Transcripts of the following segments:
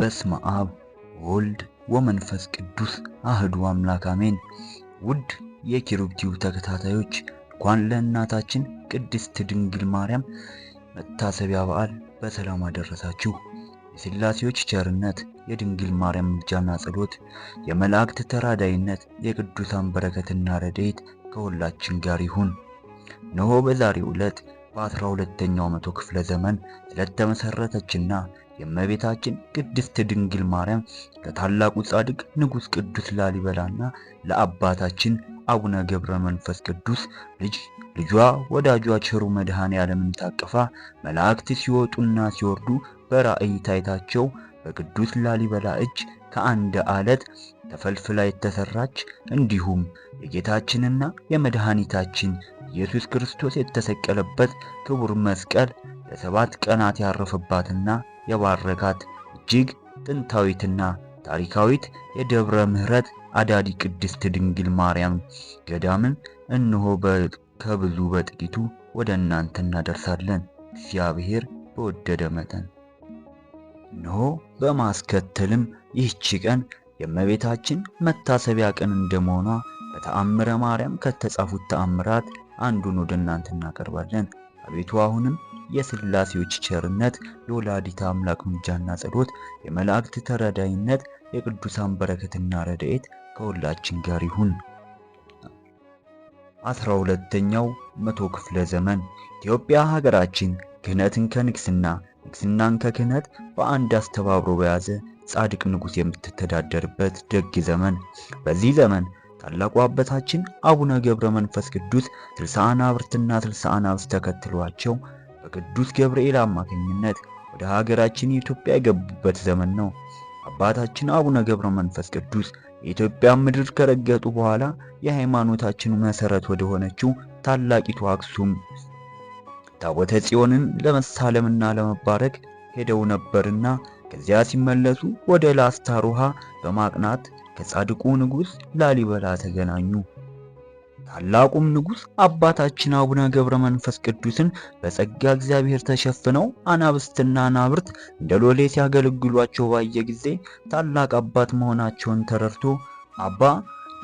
በስመ አብ ወልድ ወመንፈስ ቅዱስ አህዱ አምላክ አሜን። ውድ የኪሩብቲው ተከታታዮች እንኳን ለእናታችን ቅድስት ድንግል ማርያም መታሰቢያ በዓል በሰላም አደረሳችሁ። የሥላሴዎች ቸርነት፣ የድንግል ማርያም ምልጃና ጸሎት፣ የመላእክት ተራዳይነት፣ የቅዱሳን በረከትና ረድኤት ከሁላችን ጋር ይሁን። እነሆ በዛሬው ዕለት በ 12 መቶ ክፍለ ዘመን ስለተመሰረተችና የእመቤታችን ቅድስት ድንግል ማርያም ለታላቁ ጻድቅ ንጉሥ ቅዱስ ላሊበላና ለአባታችን አቡነ ገብረ መንፈስ ቅዱስ ልጅ ልጇ ወዳጇ ቸሩ መድኃኔ ዓለምን ታቅፋ መላእክት ሲወጡና ሲወርዱ በራእይ ታይታቸው በቅዱስ ላሊበላ እጅ ከአንድ አለት ተፈልፍላ የተሰራች እንዲሁም የጌታችንና የመድኃኒታችን ኢየሱስ ክርስቶስ የተሰቀለበት ክቡር መስቀል ለሰባት ቀናት ያረፈባትና የባረካት እጅግ ጥንታዊትና ታሪካዊት የደብረ ምሕረት አዳዲ ቅድስት ድንግል ማርያም ገዳምን እንሆ ከብዙ በጥቂቱ ወደ እናንተ እናደርሳለን። እግዚአብሔር በወደደ መጠን እንሆ በማስከተልም ይህች ቀን የእመቤታችን መታሰቢያ ቀን እንደመሆኗ በተአምረ ማርያም ከተጻፉት ተአምራት አንዱን ወደ እናንተ እናቀርባለን። አቤቱ አሁንም የስላሴዎች ቸርነት፣ የወላዲተ አምላክ ምልጃና ጸሎት፣ የመላእክት ተረዳይነት፣ የቅዱሳን በረከትና ረድኤት ከሁላችን ጋር ይሁን። አስራ ሁለተኛው መቶ ክፍለ ዘመን ኢትዮጵያ ሀገራችን ክህነትን ከንግስና ንግስናን ከክህነት በአንድ አስተባብሮ በያዘ ጻድቅ ንጉስ የምትተዳደርበት ደግ ዘመን። በዚህ ዘመን ታላቁ አባታችን አቡነ ገብረ መንፈስ ቅዱስ ስልሳ አናብርትና ስልሳ አናብስት ተከትሏቸው በቅዱስ ገብርኤል አማካኝነት ወደ ሀገራችን ኢትዮጵያ የገቡበት ዘመን ነው። አባታችን አቡነ ገብረ መንፈስ ቅዱስ የኢትዮጵያ ምድር ከረገጡ በኋላ የሃይማኖታችን መሰረት ወደ ሆነችው ታላቂቱ አክሱም ታቦተ ጽዮንን ለመሳለምና ለመባረክ ሄደው ነበርና ከዚያ ሲመለሱ ወደ ላስታ በማቅናት ከጻድቁ ንጉሥ ላሊበላ ተገናኙ። ታላቁም ንጉሥ አባታችን አቡነ ገብረ መንፈስ ቅዱስን በጸጋ እግዚአብሔር ተሸፍነው አናብስትና አናብርት እንደ ሎሌ ሲያገለግሏቸው ባየ ጊዜ ታላቅ አባት መሆናቸውን ተረድቶ አባ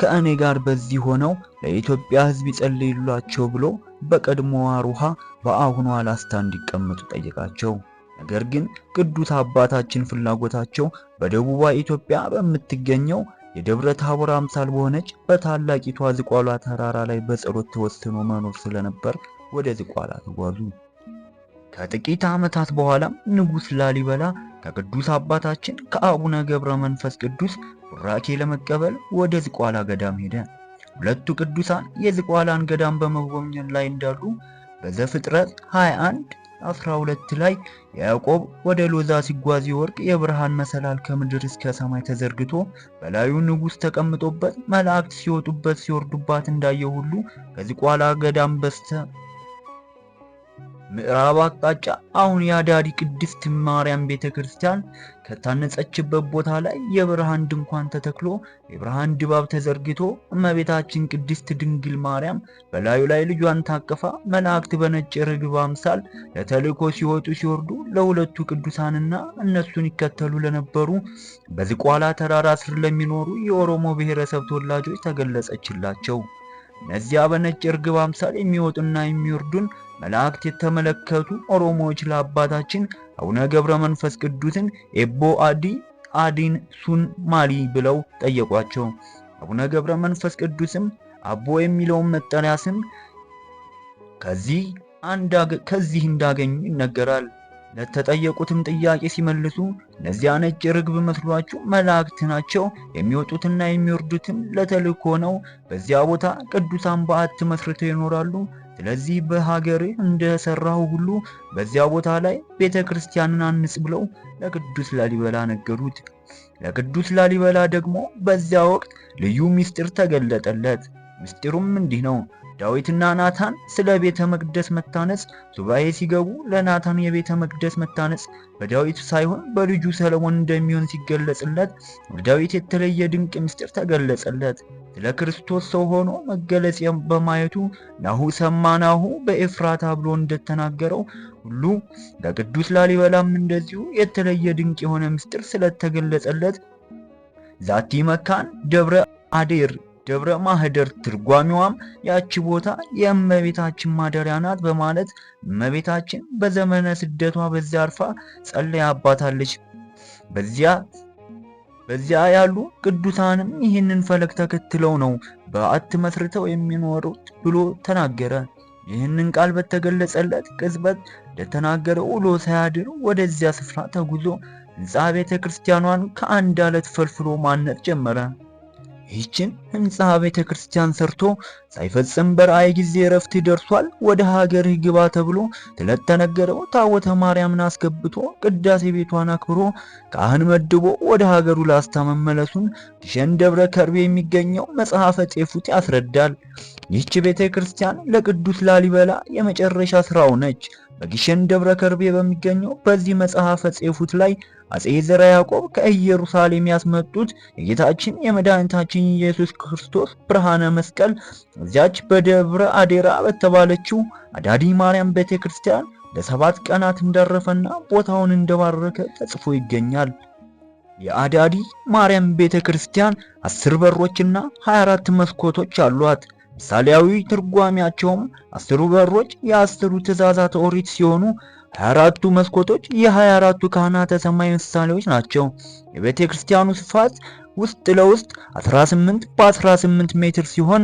ከእኔ ጋር በዚህ ሆነው ለኢትዮጵያ ሕዝብ ይጸልዩላቸው ብሎ በቀድሞዋ ሩሃ በአሁኗ ላስታ እንዲቀመጡ ጠየቃቸው። ነገር ግን ቅዱስ አባታችን ፍላጎታቸው በደቡባ ኢትዮጵያ በምትገኘው የደብረ ታቦር አምሳል በሆነች በታላቂቷ ዝቋላ ተራራ ላይ በጸሎት ተወስኖ መኖር ስለነበር ወደ ዝቋላ ተጓዙ። ከጥቂት ዓመታት በኋላም ንጉሥ ላሊበላ ከቅዱስ አባታችን ከአቡነ ገብረ መንፈስ ቅዱስ ቡራኬ ለመቀበል ወደ ዝቋላ ገዳም ሄደ። ሁለቱ ቅዱሳን የዝቋላን ገዳም በመጎብኘት ላይ እንዳሉ በዘፍጥረት 21 12 ላይ ያዕቆብ ወደ ሎዛ ሲጓዝ የወርቅ የብርሃን መሰላል ከምድር እስከ ሰማይ ተዘርግቶ በላዩ ንጉሥ ተቀምጦበት መላእክት ሲወጡበት ሲወርዱባት እንዳየ ሁሉ ከዝቋላ ገዳም በስተ ምዕራብ አቅጣጫ አሁን የአዳሪ ቅድስት ማርያም ቤተ ክርስቲያን ከታነጸችበት ቦታ ላይ የብርሃን ድንኳን ተተክሎ የብርሃን ድባብ ተዘርግቶ እመቤታችን ቅድስት ድንግል ማርያም በላዩ ላይ ልጇን ታቅፋ መላእክት በነጭ ርግብ አምሳል ለተልእኮ ሲወጡ ሲወርዱ ለሁለቱ ቅዱሳንና እነሱን ይከተሉ ለነበሩ በዝቋላ ተራራ ስር ለሚኖሩ የኦሮሞ ብሔረሰብ ተወላጆች ተገለጸችላቸው። እነዚያ በነጭ እርግብ አምሳል የሚወጡና የሚወርዱን መላእክት የተመለከቱ ኦሮሞዎች ለአባታችን አቡነ ገብረ መንፈስ ቅዱስን ኤቦ አዲ አዲን ሱን ማሊ ብለው ጠየቋቸው። አቡነ ገብረ መንፈስ ቅዱስም አቦ የሚለውን መጠሪያ ስም ከዚህ ከዚህ እንዳገኙ ይነገራል። ለተጠየቁትም ጥያቄ ሲመልሱ እነዚያ ነጭ ርግብ መስሏችሁ መላእክት ናቸው፣ የሚወጡትና የሚወርዱትም ለተልእኮ ነው። በዚያ ቦታ ቅዱሳን በዓት መስርተው ይኖራሉ። ስለዚህ በሀገሬ እንደሰራው ሁሉ በዚያ ቦታ ላይ ቤተ ክርስቲያንን አንጽ ብለው ለቅዱስ ላሊበላ ነገሩት። ለቅዱስ ላሊበላ ደግሞ በዚያ ወቅት ልዩ ምስጢር ተገለጠለት። ምስጢሩም እንዲህ ነው። ዳዊትና ናታን ስለ ቤተ መቅደስ መታነጽ ሱባኤ ሲገቡ ለናታን የቤተ መቅደስ መታነጽ በዳዊት ሳይሆን በልጁ ሰለሞን እንደሚሆን ሲገለጽለት ለዳዊት የተለየ ድንቅ ምስጢር ተገለጸለት። ስለ ክርስቶስ ሰው ሆኖ መገለጽ በማየቱ ናሁ ሰማናሁ በኤፍራታ ብሎ እንደተናገረው ሁሉ ለቅዱስ ላሊበላም እንደዚሁ የተለየ ድንቅ የሆነ ምስጢር ስለተገለጸለት ዛቲ መካን ደብረ አዴር ደብረ ማህደር ትርጓሚዋም ያቺ ቦታ የእመቤታችን ማደሪያ ናት በማለት እመቤታችን በዘመነ ስደቷ በዚያ አርፋ ጸለይ አባታለች። በዚያ በዚያ ያሉ ቅዱሳንም ይህንን ፈለግ ተከትለው ነው በዓት መስርተው የሚኖሩት ብሎ ተናገረ። ይህንን ቃል በተገለጸለት ቅጽበት ለተናገረ ውሎ ሳያድር ወደዚያ ስፍራ ተጉዞ ሕንፃ ቤተ ክርስቲያኗን ከአንድ አለት ፈልፍሎ ማነጽ ጀመረ። ይህችን ህንፃ ቤተ ክርስቲያን ሰርቶ ሳይፈጽም በራእይ ጊዜ እረፍት ደርሷል ወደ ሀገርህ ግባ ተብሎ ስለተነገረው ታቦተ ማርያምን አስገብቶ ቅዳሴ ቤቷን አክብሮ ካህን መድቦ ወደ ሀገሩ ላስታ መመለሱን ግሸን ደብረ ከርቤ የሚገኘው መጽሐፈ ጤፉት ያስረዳል። ይህች ቤተ ክርስቲያን ለቅዱስ ላሊበላ የመጨረሻ ስራው ነች። በጊሸን ደብረ ከርቤ በሚገኘው በዚህ መጽሐፈ ጼፉት ላይ አጼ ዘርዓ ያዕቆብ ከኢየሩሳሌም ያስመጡት የጌታችን የመድኃኒታችን ኢየሱስ ክርስቶስ ብርሃነ መስቀል እዚያች በደብረ አዴራ በተባለችው አዳዲ ማርያም ቤተ ክርስቲያን ለሰባት ቀናት እንዳረፈና ቦታውን እንደባረከ ተጽፎ ይገኛል። የአዳዲ ማርያም ቤተ ክርስቲያን አስር በሮችና 24 መስኮቶች አሏት። ምሳሌያዊ ትርጓሚያቸውም አስሩ በሮች የአስሩ ትእዛዛት ኦሪት ሲሆኑ 24ቱ መስኮቶች የ24ቱ ካህናተ ሰማይ ምሳሌዎች ናቸው። የቤተ ክርስቲያኑ ስፋት ውስጥ ለውስጥ 18 በ18 ሜትር ሲሆን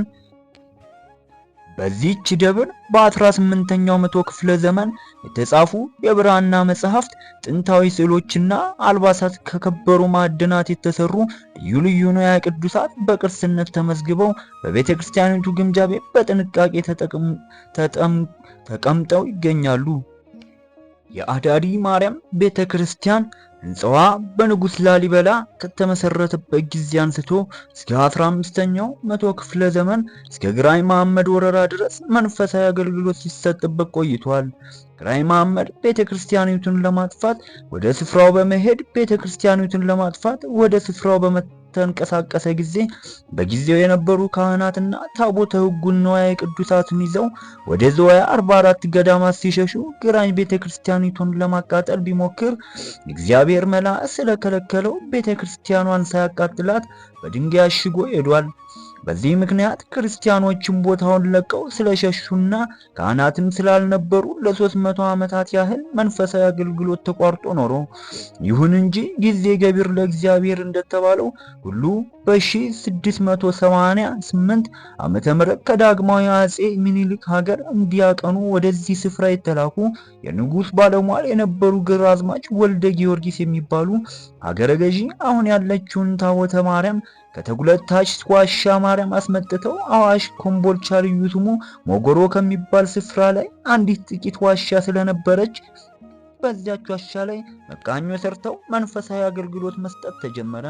በዚህች ደብር በ18ኛው መቶ ክፍለ ዘመን የተጻፉ የብራና መጽሐፍት፣ ጥንታዊ ስዕሎችና አልባሳት ከከበሩ ማዕድናት የተሰሩ ልዩ ልዩ ንዋየ ቅዱሳት በቅርስነት ተመዝግበው በቤተ ክርስቲያኒቱ ግምጃ ቤት በጥንቃቄ ተቀምጠው ይገኛሉ። የአዳዲ ማርያም ቤተ ክርስቲያን ሕንፃዋ በንጉሥ ላሊበላ ከተመሰረተበት ጊዜ አንስቶ እስከ 15ኛው መቶ ክፍለ ዘመን እስከ ግራኝ መሐመድ ወረራ ድረስ መንፈሳዊ አገልግሎት ሲሰጥበት ቆይቷል። ግራኝ መሐመድ ቤተ ክርስቲያኒቱን ለማጥፋት ወደ ስፍራው በመሄድ ቤተ ክርስቲያኒቱን ለማጥፋት ወደ ስፍራው በመ ተንቀሳቀሰ ጊዜ በጊዜው የነበሩ ካህናትና ታቦተ ሕጉን ንዋየ ቅዱሳትን ይዘው ወደ ዘዋይ 44 ገዳማት ሲሸሹ ግራኝ ቤተ ክርስቲያኒቱን ለማቃጠል ቢሞክር እግዚአብሔር መልአክ ስለከለከለው ቤተ ክርስቲያኗን ሳያቃጥላት በድንጋይ አሽጎ ሄዷል። በዚህ ምክንያት ክርስቲያኖችም ቦታውን ለቀው ስለሸሹና ካህናትም ስላልነበሩ ለ መቶ ዓመታት ያህል መንፈሳዊ አገልግሎት ተቋርጦ ኖሮ። ይሁን እንጂ ጊዜ ገቢር ለእግዚአብሔር እንደተባለው ሁሉ በ688 ዓመተ ምህረት ከዳግማዊ አጼ ምኒልክ ሀገር እንዲያቀኑ ወደዚህ ስፍራ የተላኩ የንጉሥ ባለሟል የነበሩ ግራዝማች ወልደ ጊዮርጊስ የሚባሉ ሀገረ ገዢ አሁን ያለችውን ታቦተ ማርያም ከተጉለታሽ ዋሻ ማርያም አስመጥተው አዋሽ ኮምቦልቻ ልዩ ስሙ ሞጎሮ ከሚባል ስፍራ ላይ አንዲት ጥቂት ዋሻ ስለነበረች በዚያች ዋሻ ላይ መቃኞ ሰርተው መንፈሳዊ አገልግሎት መስጠት ተጀመረ።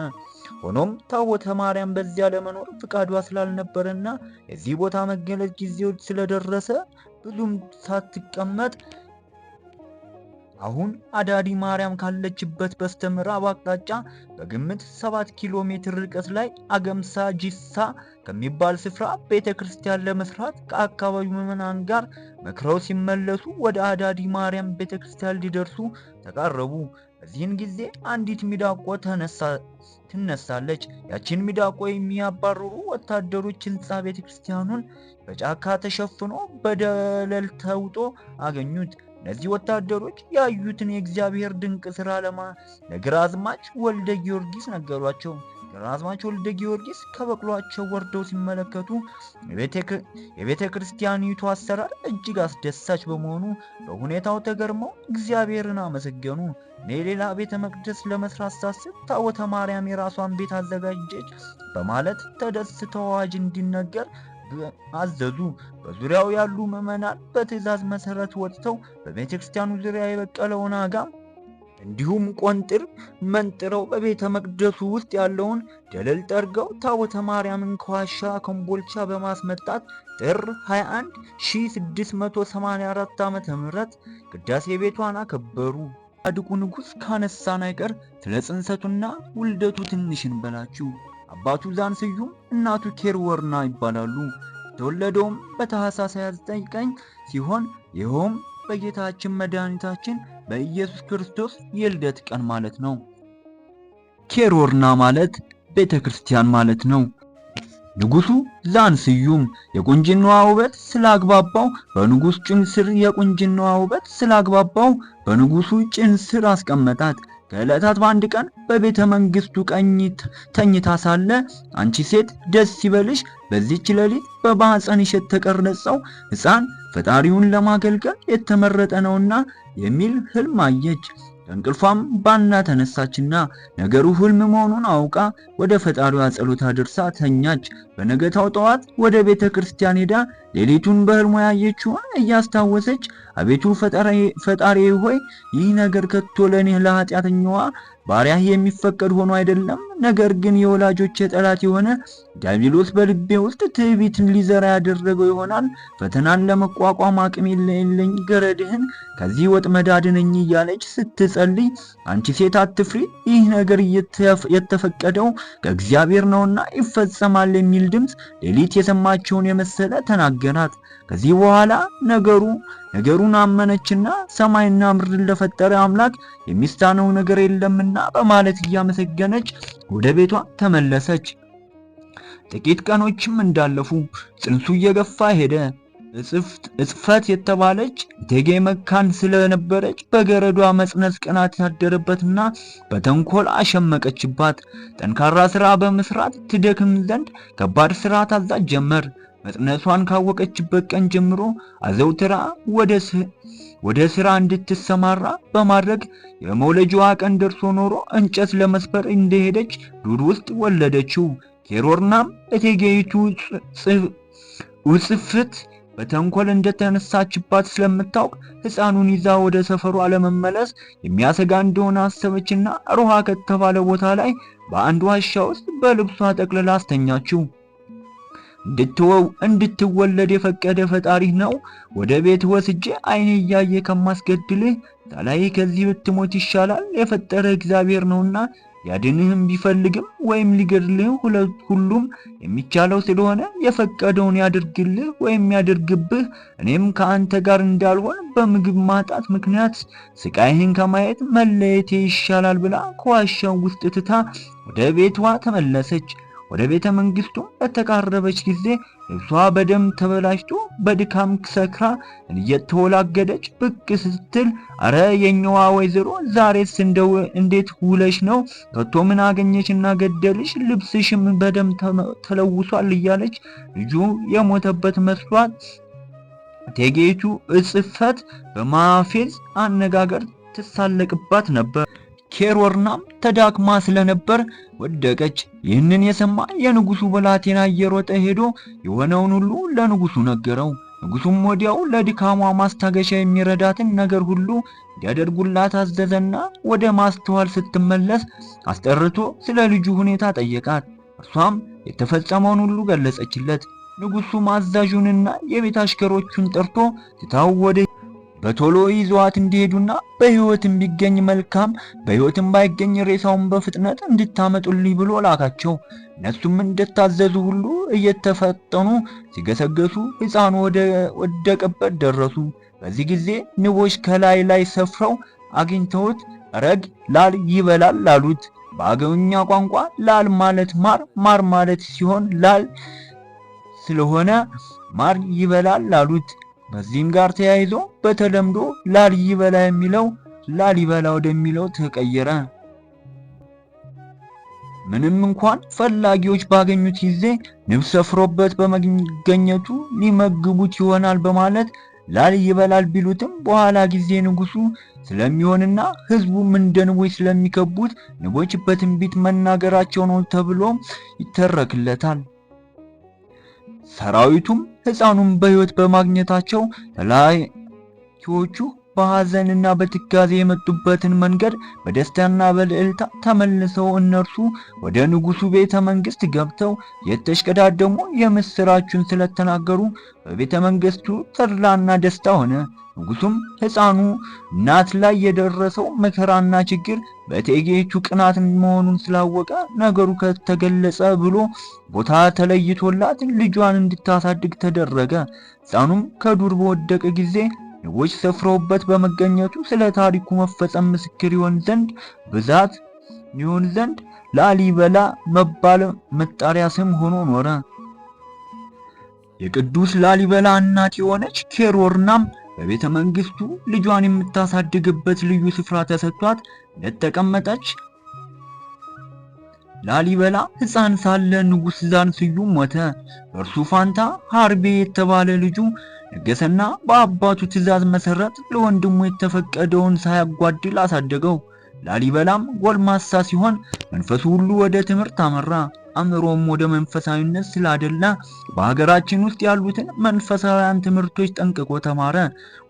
ሆኖም ታቦተ ማርያም በዚያ ለመኖር ፍቃዷ ስላልነበረና የዚህ ቦታ መገለጥ ጊዜዎች ስለደረሰ ብዙም ሳትቀመጥ አሁን አዳዲ ማርያም ካለችበት በስተምራ አቅጣጫ በግምት 7 ኪሎ ሜትር ርቀት ላይ አገምሳ ጂሳ ከሚባል ስፍራ ቤተ ክርስቲያን ለመስራት ከአካባቢው ምዕመናን ጋር መክረው ሲመለሱ ወደ አዳዲ ማርያም ቤተ ክርስቲያን ሊደርሱ ተቃረቡ። በዚህን ጊዜ አንዲት ሚዳቆ ትነሳለች። ያችን ሚዳቆ የሚያባርሩ ወታደሮች ሕንፃ ቤተ ክርስቲያኑን በጫካ ተሸፍኖ በደለል ተውጦ አገኙት። እነዚህ ወታደሮች ያዩትን የእግዚአብሔር ድንቅ ሥራ ለማ ለግራዝማች ወልደ ጊዮርጊስ ነገሯቸው። ግራዝማች ወልደ ጊዮርጊስ ከበቅሏቸው ወርደው ሲመለከቱ የቤተ ክርስቲያኒቱ አሰራር እጅግ አስደሳች በመሆኑ በሁኔታው ተገርመው እግዚአብሔርን አመሰገኑ። እኔ ሌላ ቤተ መቅደስ ለመስራት ሳስብ ታቦተ ማርያም የራሷን ቤት አዘጋጀች በማለት ተደስተው አዋጅ እንዲነገር አዘዙ። በዙሪያው ያሉ ምዕመናን በትእዛዝ መሰረት ወጥተው በቤተ ክርስቲያኑ ዙሪያ የበቀለውን አጋም እንዲሁም ቆንጥር መንጥረው በቤተ መቅደሱ ውስጥ ያለውን ደለል ጠርገው ታቦተ ማርያምን ከዋሻ ከምቦልቻ በማስመጣት ጥር 21 1684 ዓ ም ቅዳሴ ቤቷን አከበሩ። አድቁ ንጉሥ ካነሳን አይቀር ስለ ጽንሰቱና ውልደቱ ትንሽ እንበላችሁ። አባቱ ዛን ስዩም እናቱ ኬር ወርና ይባላሉ። የተወለደውም በታኅሳስ 29 ቀን ሲሆን ይኸውም በጌታችን መድኃኒታችን በኢየሱስ ክርስቶስ የልደት ቀን ማለት ነው። ኬር ወርና ማለት ቤተ ክርስቲያን ማለት ነው። ንጉሱ ዛን ስዩም የቁንጅናዋ ውበት ስላግባባው በንጉስ ጭን ስር የቁንጅናዋ ውበት ስላግባባው በንጉሱ ጭን ስር አስቀመጣት። ከዕለታት በአንድ ቀን በቤተ መንግስቱ ቀኝ ተኝታ ሳለ አንቺ ሴት ደስ ይበልሽ፣ በዚህች ሌሊት በማኅፀንሽ የተቀረጸው ሕፃን ፈጣሪውን ለማገልገል የተመረጠ ነውና የሚል ህልም አየች። ከእንቅልፏም ባና ተነሳችና ነገሩ ሕልም መሆኑን አውቃ ወደ ፈጣሪዋ ጸሎት አድርሳ ተኛች። በነገታው ጠዋት ወደ ቤተ ክርስቲያን ሄዳ ሌሊቱን በሕልሟ ያየችውን እያስታወሰች አቤቱ ፈጣሪ ሆይ ይህ ነገር ከቶ ለእኔ ለኃጢአተኛዋ ባሪያህ የሚፈቀድ ሆኖ አይደለም። ነገር ግን የወላጆች ጠላት የሆነ ዲያብሎስ በልቤ ውስጥ ትዕቢትን ሊዘራ ያደረገው ይሆናል። ፈተናን ለመቋቋም አቅም የለኝ፣ ገረድህን ከዚህ ወጥመድ አድነኝ እያለች ስትጸልይ አንቺ ሴት አትፍሪ፣ ይህ ነገር የተፈቀደው ከእግዚአብሔር ነውና ይፈጸማል የሚል ድምፅ ሌሊት የሰማችውን የመሰለ ተናገራት። ከዚህ በኋላ ነገሩ ነገሩን አመነችና ሰማይና ምድር ለፈጠረ አምላክ የሚስታነው ነገር የለምና በማለት እያመሰገነች ወደ ቤቷ ተመለሰች። ጥቂት ቀኖችም እንዳለፉ ጽንሱ እየገፋ ሄደ። እጽፈት የተባለች እቴጌ መካን ስለነበረች በገረዷ መጽነስ ቀናት ያደረበትና በተንኮል አሸመቀችባት። ጠንካራ ሥራ በመስራት ትደክም ዘንድ ከባድ ሥራ ታዛት ጀመር። መጽነሷን ካወቀችበት ቀን ጀምሮ አዘውትራ ወደ ሥራ እንድትሰማራ በማድረግ የመውለጃዋ ቀን ደርሶ ኖሮ እንጨት ለመስበር እንደሄደች ዱር ውስጥ ወለደችው። ኬሮርናም እቴጌይቱ ውጽፍት በተንኮል እንደተነሳችባት ስለምታውቅ ሕፃኑን ይዛ ወደ ሰፈሩ አለመመለስ የሚያሰጋ እንደሆነ አሰበችና ሩሃ ከተባለ ቦታ ላይ በአንድ ዋሻ ውስጥ በልብሷ ጠቅልላ አስተኛችው። እንድትወለድ የፈቀደ ፈጣሪህ ነው። ወደ ቤት ወስጄ አይኔ እያየ ከማስገድልህ ታላይ ከዚህ ብትሞት ይሻላል። የፈጠረ እግዚአብሔር ነውና ያድንህም ቢፈልግም ወይም ሊገድልህ ሁሉም የሚቻለው ስለሆነ የፈቀደውን ያድርግልህ ወይም ያድርግብህ። እኔም ከአንተ ጋር እንዳልሆን በምግብ ማጣት ምክንያት ስቃይህን ከማየት መለየቴ ይሻላል ብላ ከዋሻው ውስጥ ትታ ወደ ቤቷ ተመለሰች። ወደ ቤተ መንግስቱ በተቃረበች ጊዜ ልብሷ በደም ተበላሽቶ በድካም ሰክራ እየተወላገደች ብቅ ስትል አረ የኛዋ ወይዘሮ ዛሬስ እንደው እንዴት ውለሽ ነው? ከቶ ምን አገኘችና ገደልሽ? ልብስሽም በደም ተለውሷል እያለች ልጁ የሞተበት መስሏት ቴጌቱ እጽፈት በማፌዝ አነጋገር ትሳለቅባት ነበር። ኬሮርናም ተዳክማ ስለነበር ወደቀች። ይህንን የሰማ የንጉሱ ብላቴና እየሮጠ ሄዶ የሆነውን ሁሉ ለንጉሱ ነገረው። ንጉሱም ወዲያው ለድካሟ ማስታገሻ የሚረዳትን ነገር ሁሉ እንዲያደርጉላት አዘዘና ወደ ማስተዋል ስትመለስ አስጠርቶ ስለ ልጁ ሁኔታ ጠየቃት። እርሷም የተፈጸመውን ሁሉ ገለጸችለት። ንጉሱም አዛዡንና የቤት አሽከሮቹን ጠርቶ ትታው ወደ በቶሎ ይዘዋት እንዲሄዱና በሕይወትም ቢገኝ መልካም፣ በሕይወትም ባይገኝ ሬሳውን በፍጥነት እንድታመጡልኝ ብሎ ላካቸው። እነሱም እንደታዘዙ ሁሉ እየተፈጠኑ ሲገሰገሱ ሕፃኑ ወደቀበት ደረሱ። በዚህ ጊዜ ንቦች ከላይ ላይ ሰፍረው አግኝተውት ረግ ላል ይበላል ላሉት። በአገውኛ ቋንቋ ላል ማለት ማር ማር ማለት ሲሆን ላል ስለሆነ ማር ይበላል ላሉት። በዚህም ጋር ተያይዞ በተለምዶ ላሊበላ የሚለው ላሊበላ ወደሚለው ተቀየረ። ምንም እንኳን ፈላጊዎች ባገኙት ጊዜ ንብ ሰፍሮበት በመገኘቱ ሊመግቡት ይሆናል በማለት ላል ይበላል ቢሉትም በኋላ ጊዜ ንጉሱ ስለሚሆንና ሕዝቡም እንደ ንቦች ስለሚከቡት ንቦች በትንቢት መናገራቸው ነው ተብሎ ይተረክለታል። ሰራዊቱም ህፃኑን በህይወት በማግኘታቸው ተላኪዎቹ በሐዘንና በትካዜ የመጡበትን መንገድ በደስታና በልዕልታ ተመልሰው እነርሱ ወደ ንጉሡ ቤተ መንግሥት ገብተው የተሽቀዳደሙ የምሥራቹን ስለተናገሩ በቤተ መንግሥቱ ተድላና ደስታ ሆነ። ንጉሡም ሕፃኑ እናት ላይ የደረሰው መከራና ችግር በእቴጌይቱ ቅናት መሆኑን ስላወቀ ነገሩ ከተገለጸ ብሎ ቦታ ተለይቶላት ልጇን እንድታሳድግ ተደረገ። ሕፃኑም ከዱር በወደቀ ጊዜ ንቦች ሰፍረውበት በመገኘቱ ስለ ታሪኩ መፈጸም ምስክር ይሆን ዘንድ ብዛት ይሆን ዘንድ ላሊበላ መባል መጠሪያ ስም ሆኖ ኖረ። የቅዱስ ላሊበላ እናት የሆነች ኬሮርናም በቤተ መንግስቱ ልጇን የምታሳድግበት ልዩ ስፍራ ተሰጥቷት እንደተቀመጠች ላሊበላ ሕፃን ሳለ ንጉሥ ዛን ስዩም ሞተ። በእርሱ ፋንታ ሃርቤ የተባለ ልጁ ነገሰና በአባቱ ትእዛዝ መሰረት ለወንድሙ የተፈቀደውን ሳያጓድል አሳደገው። ላሊበላም ጎልማሳ ሲሆን መንፈሱ ሁሉ ወደ ትምህርት አመራ። አእምሮም ወደ መንፈሳዊነት ስላደላ በሀገራችን ውስጥ ያሉትን መንፈሳውያን ትምህርቶች ጠንቅቆ ተማረ።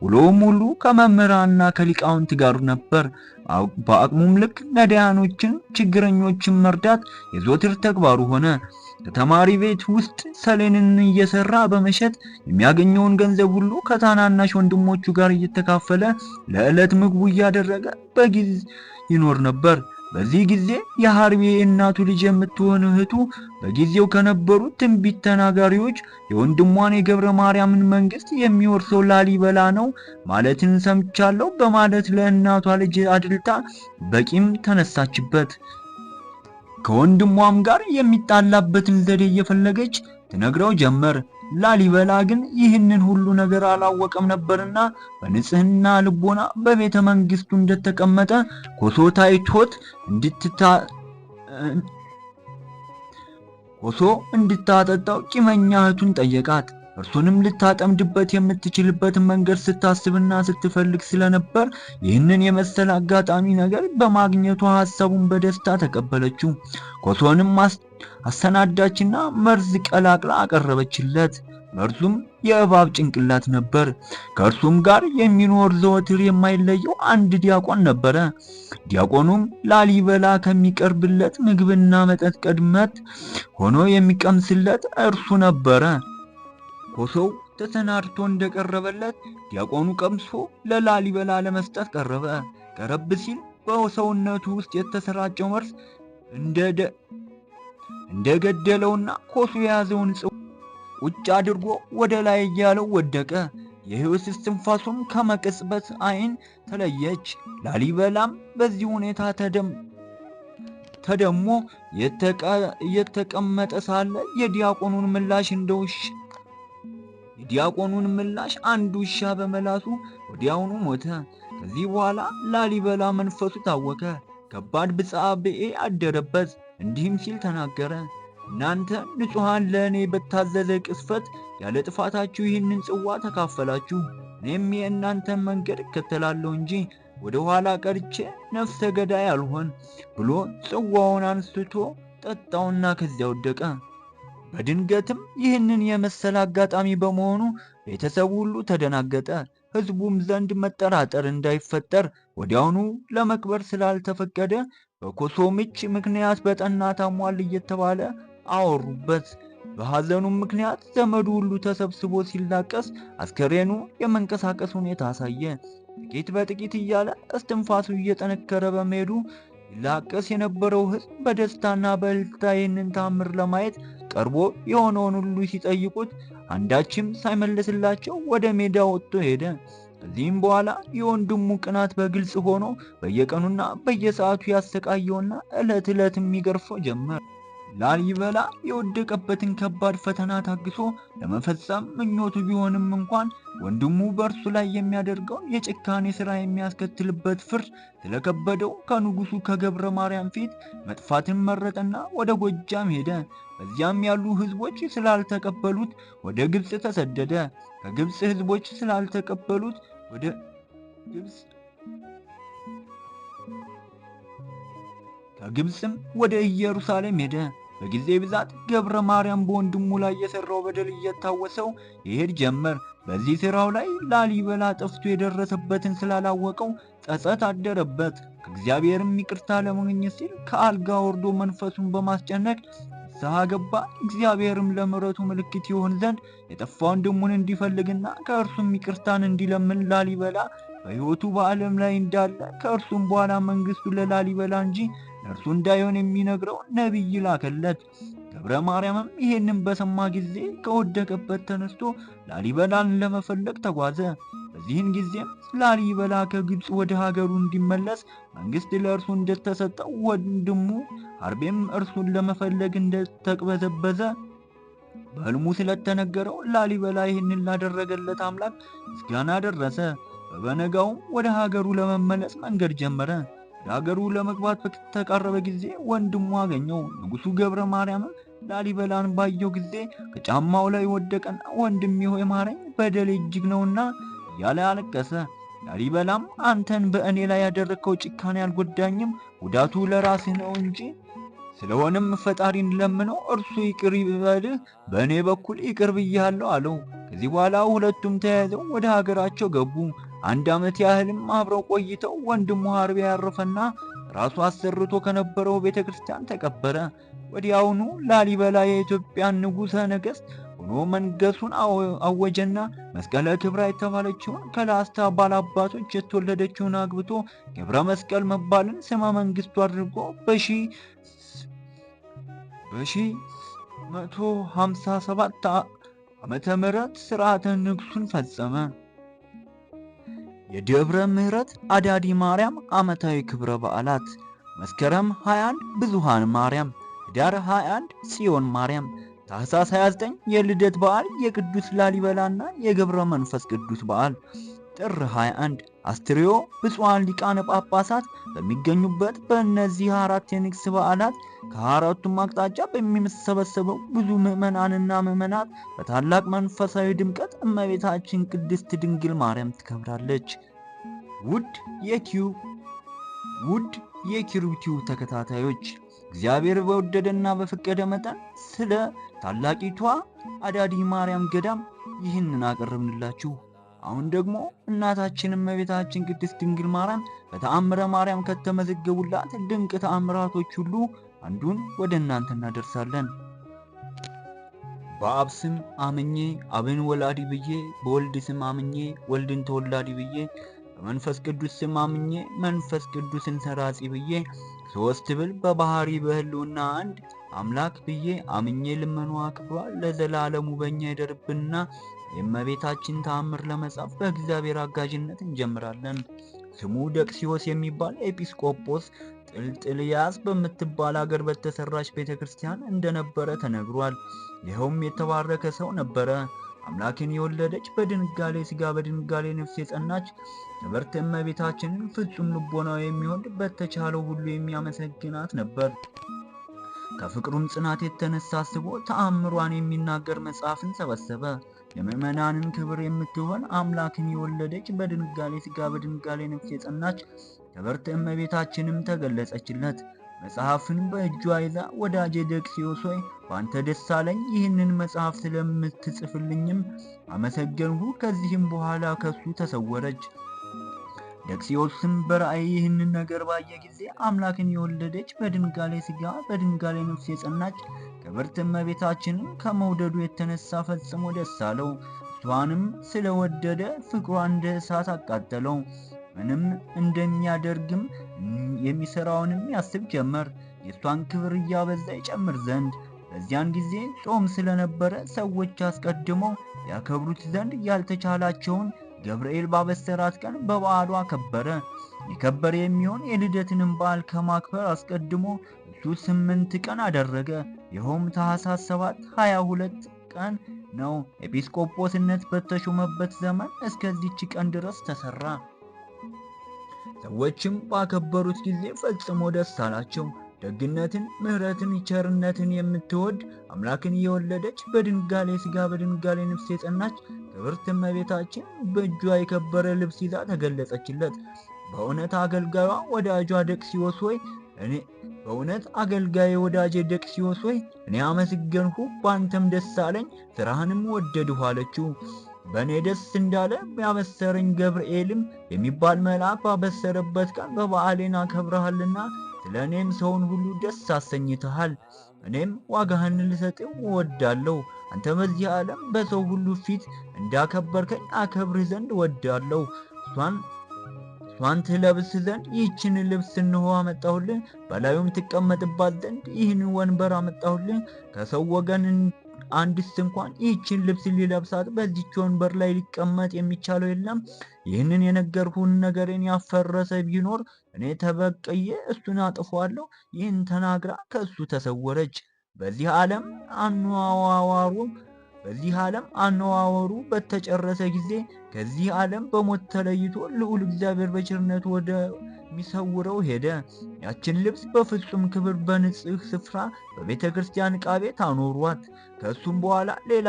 ውሎውም ሁሉ ከመምህራንና ከሊቃውንት ጋር ነበር። በአቅሙም ልክ ነዳያኖችን፣ ችግረኞችን መርዳት የዘወትር ተግባሩ ሆነ። ከተማሪ ቤት ውስጥ ሰሌንን እየሰራ በመሸጥ የሚያገኘውን ገንዘብ ሁሉ ከታናናሽ ወንድሞቹ ጋር እየተካፈለ ለዕለት ምግቡ እያደረገ በጊዝ ይኖር ነበር። በዚህ ጊዜ የሐርቤ እናቱ ልጅ የምትሆን እህቱ በጊዜው ከነበሩት ትንቢት ተናጋሪዎች የወንድሟን የገብረ ማርያምን መንግሥት የሚወርሰው ላሊበላ ነው ማለትን ሰምቻለሁ በማለት ለእናቷ ልጅ አድልታ በቂም ተነሳችበት። ከወንድሟም ጋር የሚጣላበትን ዘዴ እየፈለገች ትነግረው ጀመር። ላሊበላ ግን ይህንን ሁሉ ነገር አላወቀም ነበርና በንጽህና ልቦና በቤተ መንግስቱ እንደተቀመጠ ኮሶ ታይቶት እንድትታ ኮሶ እንድታጠጣው ቂመኛ እህቱን ጠየቃት። እርሱንም ልታጠምድበት የምትችልበትን መንገድ ስታስብና ስትፈልግ ስለነበር ይህንን የመሰለ አጋጣሚ ነገር በማግኘቷ ሐሳቡን በደስታ ተቀበለችው። ኮሶንም አሰናዳችና መርዝ ቀላቅላ አቀረበችለት። መርዙም የእባብ ጭንቅላት ነበር። ከእርሱም ጋር የሚኖር ዘወትር የማይለየው አንድ ዲያቆን ነበረ። ዲያቆኑም ላሊበላ ከሚቀርብለት ምግብና መጠጥ ቀድመት ሆኖ የሚቀምስለት እርሱ ነበረ። ኮሶው ተሰናድቶ እንደቀረበለት ዲያቆኑ ቀምሶ ለላሊበላ ለመስጠት ቀረበ። ቀረብ ሲል በሰውነቱ ውስጥ የተሰራጨው እንደ እንደገደለውና ኮሱ የያዘውን ጽዋ ቁጭ አድርጎ ወደ ላይ እያለው ወደቀ። የሕይወት እስትንፋሱም ከመቅጽበት ዓይን ተለየች። ላሊበላም በዚህ ሁኔታ ተደሞ እየተቀመጠ ሳለ የዲያቆኑን ምላሽ እንደውሽ የዲያቆኑን ምላሽ አንድ ውሻ በመላሱ ወዲያውኑ ሞተ። ከዚህ በኋላ ላሊበላ መንፈሱ ታወከ፣ ከባድ ብጻብኤ አደረበት። እንዲህም ሲል ተናገረ። እናንተ ንጹሐን ለእኔ በታዘዘ ቅስፈት ያለ ጥፋታችሁ ይህንን ጽዋ ተካፈላችሁ። እኔም የእናንተን መንገድ እከተላለሁ እንጂ ወደ ኋላ ቀርቼ ነፍሰ ገዳይ አልሆን ብሎ ጽዋውን አንስቶ ጠጣውና ከዚያ ወደቀ። በድንገትም ይህንን የመሰለ አጋጣሚ በመሆኑ ቤተሰቡ ሁሉ ተደናገጠ። ሕዝቡም ዘንድ መጠራጠር እንዳይፈጠር ወዲያውኑ ለመቅበር ስላልተፈቀደ በኮሶ ምች ምክንያት በጠና ታሟል እየተባለ አወሩበት። በሐዘኑም ምክንያት ዘመዱ ሁሉ ተሰብስቦ ሲላቀስ አስከሬኑ የመንቀሳቀስ ሁኔታ አሳየ። ጥቂት በጥቂት እያለ እስትንፋሱ እየጠነከረ በመሄዱ ይላቀስ የነበረው ሕዝብ በደስታና በእልልታ ይህንን ታምር ለማየት ቀርቦ የሆነውን ሁሉ ሲጠይቁት አንዳችም ሳይመልስላቸው ወደ ሜዳ ወጥቶ ሄደ። ከዚህም በኋላ የወንድሙ ቅናት በግልጽ ሆኖ በየቀኑና በየሰዓቱ ያሰቃየውና ዕለት ዕለት የሚገርፈው ጀመር። ላሊበላ የወደቀበትን ከባድ ፈተና ታግሶ ለመፈጸም ምኞቱ ቢሆንም እንኳን ወንድሙ በእርሱ ላይ የሚያደርገውን የጭካኔ ሥራ የሚያስከትልበት ፍርድ ስለከበደው ከንጉሡ ከገብረ ማርያም ፊት መጥፋትን መረጠና ወደ ጎጃም ሄደ። በዚያም ያሉ ሕዝቦች ስላልተቀበሉት ወደ ግብፅ ተሰደደ። ከግብፅ ሕዝቦች ስላልተቀበሉት ወደ ግብፅ ከግብፅም ወደ ኢየሩሳሌም ሄደ። በጊዜ ብዛት ገብረ ማርያም በወንድሙ ላይ የሰራው በደል እየታወሰው ይሄድ ጀመር። በዚህ ሥራው ላይ ላሊበላ ጠፍቶ የደረሰበትን ስላላወቀው ጸጸት አደረበት። ከእግዚአብሔርም ይቅርታ ለማግኘት ሲል ከአልጋ ወርዶ መንፈሱን በማስጨነቅ ንስሐ ገባ። እግዚአብሔርም ለምሕረቱ ምልክት ይሆን ዘንድ የጠፋ ወንድሙን እንዲፈልግና ከእርሱም ይቅርታን እንዲለምን ላሊበላ በሕይወቱ በዓለም ላይ እንዳለ ከእርሱም በኋላ መንግሥቱ ለላሊበላ እንጂ ለእርሱ እንዳይሆን የሚነግረው ነቢይ ላከለት። ገብረ ማርያምም ይህንን በሰማ ጊዜ ከወደቀበት ተነስቶ ላሊበላን ለመፈለግ ተጓዘ። በዚህን ጊዜም ላሊበላ ከግብፅ ወደ ሀገሩ እንዲመለስ መንግሥት ለእርሱ እንደተሰጠው ወንድሙ አርቤም እርሱን ለመፈለግ እንደተቅበዘበዘ በሕልሙ ስለተነገረው ላሊበላ ይህንን ላደረገለት አምላክ ምስጋና ደረሰ። በነጋውም ወደ ሀገሩ ለመመለስ መንገድ ጀመረ። ወደ ሀገሩ ለመግባት በተቃረበ ጊዜ ወንድሙ አገኘው። ንጉሡ ገብረ ማርያምም ላሊበላን ባየው ጊዜ ከጫማው ላይ ወደቀና ወንድሜ ሆይ ማረኝ፣ በደሌ እጅግ ነውና እያለ አለቀሰ። ላሊበላም አንተን በእኔ ላይ ያደረግከው ጭካኔ አልጎዳኝም፣ ጉዳቱ ለራስህ ነው እንጂ ስለሆነም ፈጣሪን ለምነው እርሱ ይቅር ይበልህ፣ በእኔ በኩል ይቅር ብያለሁ አለው። ከዚህ በኋላ ሁለቱም ተያይዘው ወደ ሀገራቸው ገቡ። አንድ ዓመት ያህልም አብረው ቆይተው ወንድሙ ሀርቤ ያረፈና ራሱ አሰርቶ ከነበረው ቤተ ክርስቲያን ተቀበረ። ወዲያውኑ ላሊበላ የኢትዮጵያ ንጉሠ ነገሥት ሆኖ መንገሱን አወጀና መስቀለ ክብራ የተባለችውን ከላስታ ባላባቶች የተወለደችውን አግብቶ ክብረ መስቀል መባልን ስመ መንግስቱ አድርጎ በሺ በሺ 157 ዓመተ ምህረት ስርዓተ ንግሱን ፈጸመ። የደብረ ምሕረት አዳዲ ማርያም ዓመታዊ ክብረ በዓላት መስከረም 21 ብዙሃን ማርያም፣ ኅዳር 21 ጽዮን ማርያም፣ ታህሳስ 29 የልደት በዓል የቅዱስ ላሊበላና የገብረ መንፈስ ቅዱስ በዓል ጥር 21 አስትሪዮ ብፁዓን ሊቃነ ጳጳሳት በሚገኙበት በእነዚህ አራት የንግስ በዓላት ከአራቱም አቅጣጫ በሚሰበሰበው ብዙ ምዕመናንና ምዕመናት በታላቅ መንፈሳዊ ድምቀት እመቤታችን ቅድስት ድንግል ማርያም ትከብራለች። ውድ የኪዩ ውድ የኪሩቲው ተከታታዮች እግዚአብሔር በወደደና በፈቀደ መጠን ስለ ታላቂቷ አዳዲ ማርያም ገዳም ይህንን አቀረብንላችሁ። አሁን ደግሞ እናታችን እመቤታችን ቅድስት ድንግል ማርያም በተአምረ ማርያም ከተመዘገቡላት ድንቅ ተአምራቶች ሁሉ አንዱን ወደ እናንተ እናደርሳለን። በአብ ስም አምኜ አብን ወላዲ ብዬ፣ በወልድ ስም አምኜ ወልድን ተወላዲ ብዬ፣ በመንፈስ ቅዱስ ስም አምኜ መንፈስ ቅዱስን ሰራጺ ብዬ፣ ሦስት ብል በባህሪ በህልውና አንድ አምላክ ብዬ አምኜ ልመኗ ክብሯ ለዘላለሙ በእኛ ይደርብንና የእመቤታችን ተአምር ለመጻፍ በእግዚአብሔር አጋዥነት እንጀምራለን። ስሙ ደቅሲዮስ የሚባል ኤጲስቆጶስ ጥልጥልያስ በምትባል አገር በተሰራች ቤተ ክርስቲያን እንደነበረ ተነግሯል። ይኸውም የተባረከ ሰው ነበረ። አምላክን የወለደች በድንጋሌ ሥጋ በድንጋሌ ነፍስ የጸናች ክብርት እመቤታችንን ፍጹም ልቦናዊ የሚሆን በተቻለው ሁሉ የሚያመሰግናት ነበር። ከፍቅሩም ጽናት የተነሳ አስቦ ተአምሯን የሚናገር መጽሐፍን ሰበሰበ። የምእመናንን ክብር የምትሆን አምላክን የወለደች በድንጋሌ ሥጋ በድንጋሌ ነፍስ የጸናች ክብርት እመቤታችንም ተገለጸችለት። መጽሐፍን በእጇ ይዛ ወዳጄ ደቅስዮስ ሆይ በአንተ ደስ አለኝ፣ ይህንን መጽሐፍ ስለምትጽፍልኝም አመሰገንሁ። ከዚህም በኋላ ከሱ ተሰወረች። ደቅሲዮስም በራእይ ይህንን ነገር ባየ ጊዜ አምላክን የወለደች በድንጋሌ ሥጋ በድንጋሌ ነፍስ የጸናች ክብርት እመቤታችንን ከመውደዱ የተነሳ ፈጽሞ ደስ አለው። እሷንም ስለወደደ ፍቅሯ እንደ እሳት አቃጠለው። ምንም እንደሚያደርግም የሚሰራውንም ያስብ ጀመር፣ የእሷን ክብር እያበዛ ይጨምር ዘንድ። በዚያን ጊዜ ጾም ስለነበረ ሰዎች አስቀድሞ ያከብሩት ዘንድ ያልተቻላቸውን ገብርኤል ባበሰራት ቀን በበዓሉ አከበረ። የከበረ የሚሆን የልደትንም በዓል ከማክበር አስቀድሞ እሱ ስምንት ቀን አደረገ። ይኸውም ታኅሳስ 7 22 ቀን ነው። ኤጲስቆጶስነት በተሾመበት ዘመን እስከዚች ቀን ድረስ ተሰራ። ሰዎችም ባከበሩት ጊዜ ፈጽሞ ደስ አላቸው። ደግነትን፣ ምሕረትን፣ ቸርነትን የምትወድ አምላክን የወለደች በድንጋሌ ሥጋ በድንጋሌ ነፍስ የጸናች ክብርት እመቤታችን በእጇ የከበረ ልብስ ይዛ ተገለጸችለት። በእውነት አገልጋዩ ወዳጇ ሲወስ ሆይ በእውነት አገልጋይ ወዳጄ ደቅሲዮስ ሆይ እኔ አመስገንሁ በአንተም ደስ አለኝ፣ ሥራህንም ወደድሁ አለችው። በእኔ ደስ እንዳለ ያበሰረኝ ገብርኤልም የሚባል መልአክ ባበሰረበት ቀን በበዓሌን አከብረሃልና ስለ እኔም ሰውን ሁሉ ደስ አሰኝተሃል። እኔም ዋጋህን ልሰጥም እወዳለሁ። አንተ በዚህ ዓለም በሰው ሁሉ ፊት እንዳከበርከኝ አከብርህ ዘንድ እወዳለሁ። እሷን ዋንት ለብስ ዘንድ ይህችን ልብስ እንሆ አመጣሁልን፣ በላዩም ትቀመጥባት ዘንድ ይህን ወንበር አመጣሁልን። ከሰው ወገን አንድስ እንኳን ይህችን ልብስ ሊለብሳት በዚች ወንበር ላይ ሊቀመጥ የሚቻለው የለም። ይህንን የነገርሁን ነገርን ያፈረሰ ቢኖር እኔ ተበቀዬ እሱን አጥፏለሁ። ይህን ተናግራ ከእሱ ተሰወረች። በዚህ ዓለም አኗዋዋሩ በዚህ ዓለም አነዋወሩ በተጨረሰ ጊዜ ከዚህ ዓለም በሞት ተለይቶ ልዑል እግዚአብሔር በቸርነቱ ወደሚሰውረው ሄደ። ያችን ልብስ በፍጹም ክብር በንጽህ ስፍራ በቤተ ክርስቲያን ዕቃ ቤት አኖሯት። ከእሱም በኋላ ሌላ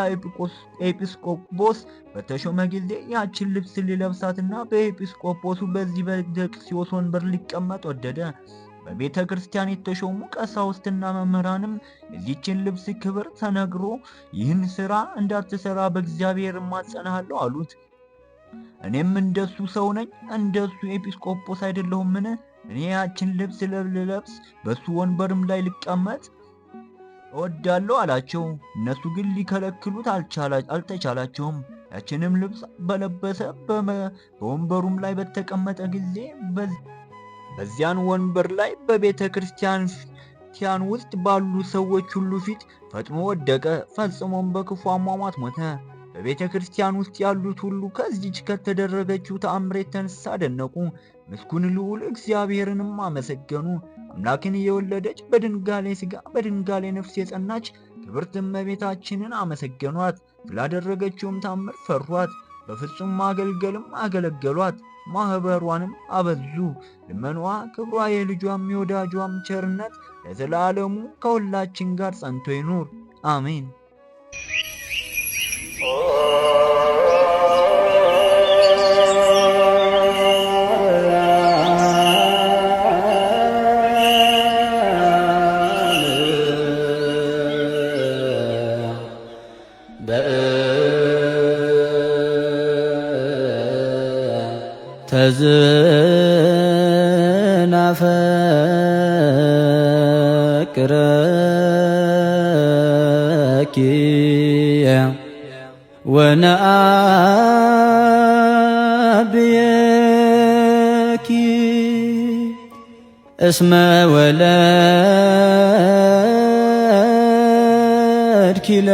ኤጲስቆጶስ በተሾመ ጊዜ ያችን ልብስ ሊለብሳትና በኤጲስቆጶሱ በዚህ በደቅስዮስ ወንበር ሊቀመጥ ወደደ። በቤተ ክርስቲያን የተሾሙ ቀሳውስትና መምህራንም የዚችን ልብስ ክብር ተነግሮ ይህን ሥራ እንዳትሠራ በእግዚአብሔር እማጸናሃለሁ አሉት። እኔም እንደሱ ሰው ነኝ፣ እንደሱ ኤጲስቆጶስ አይደለሁምን? እኔ ያችን ልብስ ልለብስ በሱ ወንበርም ላይ ልቀመጥ እወዳለሁ አላቸው። እነሱ ግን ሊከለክሉት አልተቻላቸውም። ያችንም ልብስ በለበሰ በወንበሩም ላይ በተቀመጠ ጊዜ በዚያን ወንበር ላይ በቤተ ክርስቲያን ውስጥ ባሉ ሰዎች ሁሉ ፊት ፈጥኖ ወደቀ፣ ፈጽሞም በክፉ አሟሟት ሞተ። በቤተ ክርስቲያን ውስጥ ያሉት ሁሉ ከዚች ከተደረገችው ተአምር የተነሳ አደነቁ ምስጉን ልዑል እግዚአብሔርንም አመሰገኑ። አምላክን የወለደች በድንጋሌ ሥጋ በድንጋሌ ነፍስ የጸናች ክብርት እመቤታችንን አመሰገኗት። ስላደረገችውም ታምር ፈሯት፣ በፍጹም ማገልገልም አገለገሏት። ማኅበሯንም አበዙ። ልመኗ፣ ክብሯ፣ የልጇም የወዳጇም ቸርነት ለዘላለሙ ከሁላችን ጋር ጸንቶ ይኑር። አሜን። እዝናፈቅረኪ ወነአብየኪ እስመ ወለድኪለ